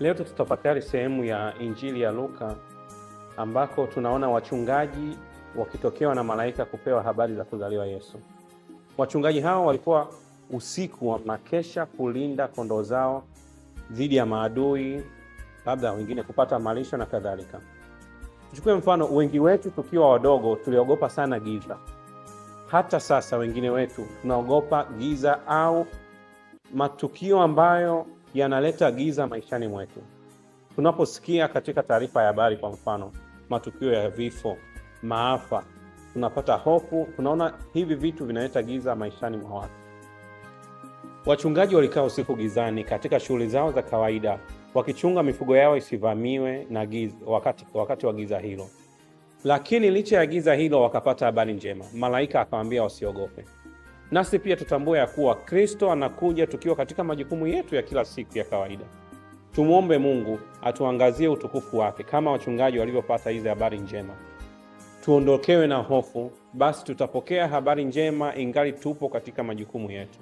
Leo tutafakari sehemu ya Injili ya Luka ambako tunaona wachungaji wakitokewa na malaika kupewa habari za kuzaliwa Yesu. Wachungaji hao walikuwa usiku wanakesha kulinda kondoo zao dhidi ya maadui, labda wengine kupata malisho na kadhalika. Tuchukue mfano, wengi wetu tukiwa wadogo tuliogopa sana giza. Hata sasa wengine wetu tunaogopa giza au matukio ambayo yanaleta giza maishani mwetu. Tunaposikia katika taarifa ya habari, kwa mfano, matukio ya vifo, maafa, tunapata hofu, tunaona hivi vitu vinaleta giza maishani mwa watu. Wachungaji walikaa usiku gizani katika shughuli zao za kawaida, wakichunga mifugo yao isivamiwe na giza, wakati, wakati wa giza hilo. Lakini licha ya giza hilo wakapata habari njema. Malaika akawambia wasiogope nasi pia tutambue ya kuwa Kristo anakuja tukiwa katika majukumu yetu ya kila siku ya kawaida. Tumwombe Mungu atuangazie utukufu wake kama wachungaji walivyopata hizi habari njema. Tuondokewe na hofu, basi tutapokea habari njema ingali tupo katika majukumu yetu.